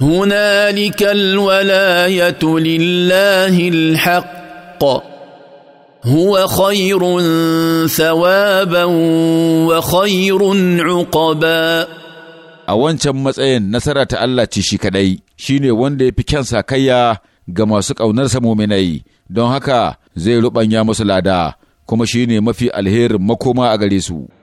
هنالك الولايه لله الحق هو خير ثوابا وخير عقبا a wancan matsayin nasara ta Allah ce shi kadai shine wanda ya fi kyan sakayya ga masu ƙaunarsa muminai don haka zai ruɓanya musu lada kuma shine mafi alherin makoma a gare su